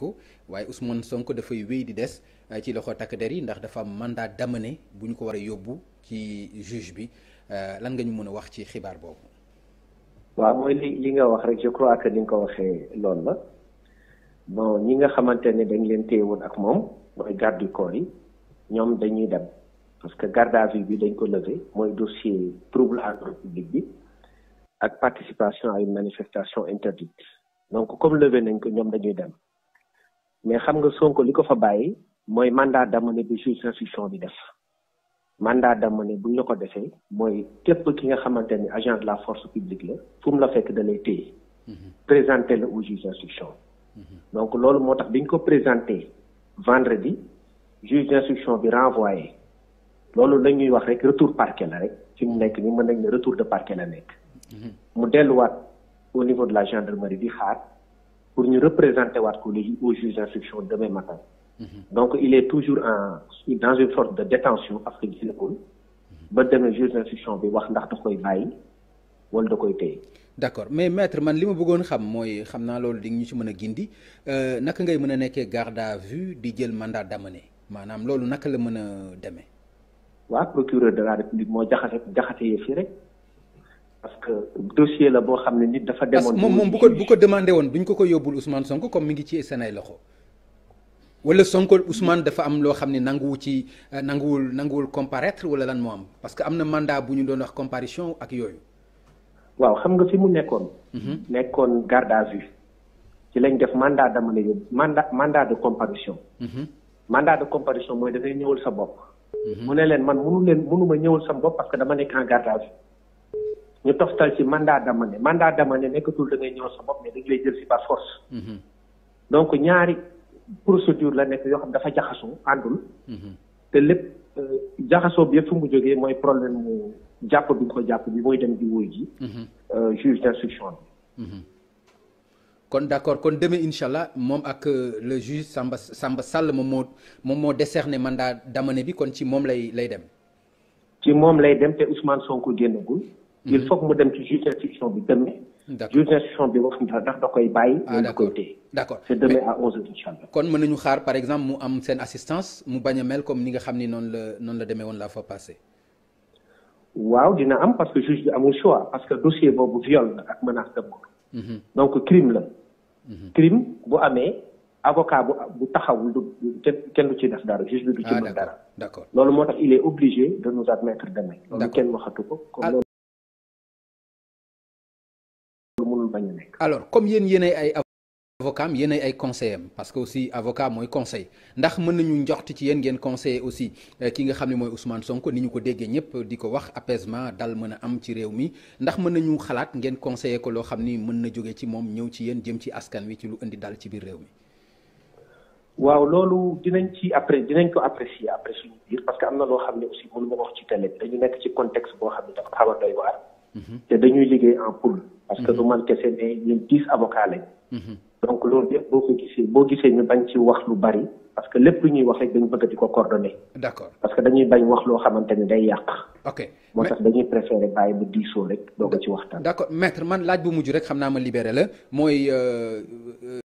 ko waaye Ousmane Sonko da fay wéy di dess eh, ci loxo tak deri ndax dafa am mandat d'amener buñ ko wara yobbu ci juge bi eh, lan nga ñu mëna wax ci xibaar bobu wa moy li li nga wax rek je crois que ni nga ko waxee loolu la bon ñi nga xamante ne dañ leen téyewoon ak mom moy garde du corps yi ñoom dañuy dem parce que garde à vue bi dañ ko lever moy dossier trouble à l'ordre public bi ak participation à une manifestation interdite donc comme lever nañ ko ñom dañuy dem mais xam nga Sonko li ko fa bàyyi mooy mandat d'amener bi juge d'instruction bi def mandat d'amener bu ñu la ko defee mooy képp ki nga xamante ni agent de la force publique la fu mu la fekk da lay téye mhm. présenté la au juge d'instruction mhm. donc loolu moo tax bi ñu ko présenté vendredi juge d'instruction bi renvoyé loolu la ñuy wax rek retour parquet la rek fi mu nekk ni mën nañ ne retour de parquet la nekk mhm. mu delluwaat au niveau de la gendarmerie di xaar pour nous représenter au juge d'instruction demain matin. Mhm. donc il est toujours dans une sorte de détention parce que juge d'instruction d'accord mais maître man que vous xam que euh, garde à vue mandat d'amener procureur de la république dossier la boo xam ne nit dafa demoon. moom moom bu ko bu ko demandé woon duñ ko ko yóbbul Ousmane Sonko comme mi ngi ci seenay loxo wala Sonko Ousmane dafa am loo xam ne nanguwu ci euh, nanguwul nanguwul comparaître wala lan moo am parce que am na mandat bu ñu doon wax comparution ak yooyu. waaw xam nga fi mu nekkoon. Mhm. nekkoon garde à vue ci lañ def mandat dama ne yóbbu mandat mandat de comparution. Mhm. mandat de comparution mooy dafay ñëwal sa bopp. Mhm. mu ne leen man mënu leen sa bopp parce que dama nekk en garde à ñu toftal ci mandat damane mandat damane nekkatul da ngay ñëw sa bopp mais dañ lay jël si par force. Mhm. donc ñaari procédure la nekk yoo xam dafa jaxasoo àndul. Mhm. te lépp euh, jaxasoo bi yëpp fu mu jógee mooy problème mu jàpp bi ko jàpp bi mooy dem di wuy ji. Mhm. Euh, juge d'instruction bi. kon d'accord kon demee incha allah moom ak euh, le juge Samba Samba Sall moom moo moom moo décerné mandat damane bi kon ci moom lay lay dem. ci moom lay dem te Ousmane Sonko génnagul il faut que mu dem ci juge bi demee. d' accord juge d'instruction bi wax ndax da koy bàyyi. ah d' accord d' c' est demain à 11h incha kon mën nañu xaar par exemple mu am seen assistance mu bañ a mel comme ni nga xam ni noonu la noonu la demee woon la fois passée. waaw dina am parce que juge bi amul choix parce que dossier boobu viol la ak menace de mort. Mhm. donc crime la. Mhm. crime bu amee avocat bu bu taxawul du kenn du ci def dara juge bi du ci ah, mën dara. d' accord loolu moo tax il est obligé de nous admettre demain. d' loolu kenn waxatu ko. Ah, bañ a alors comme yéen yéenay ay avocat am yéenay ay conseil parce que aussi avocat mooy conseil ndax mën nañu njort ci yéen ngeen conseiller aussi eh, ki nga xam ne Ousmane Sonko ni ñu ko déggee ñëpp di wax apaisement dal mën am ci réew mi ndax mën nañu xalaat ngeen conseiller ko lo xamni ni joggé ci mom ñew ci yéen jëm ci askan wi ci lu indi dal ci biir réew mi. waaw loolu dinañ ci après dinañ ko apprécier après suñu biir parce que amna lo xamni aussi mënu ma wax ci télé dañu nekk ci contexte bo xamni ne dafa xaw a doy waar. Mhm. te dañuy liggéey en poule parce que du man est 10 avocats donc loolu yëpp boo ko parce que le plus ñuy dañu coordonner. d'accord parce que dañuy bañ wax loo xamante day ok dañuy bu rek d'accord maître man laaj bu rek libéré euh, euh,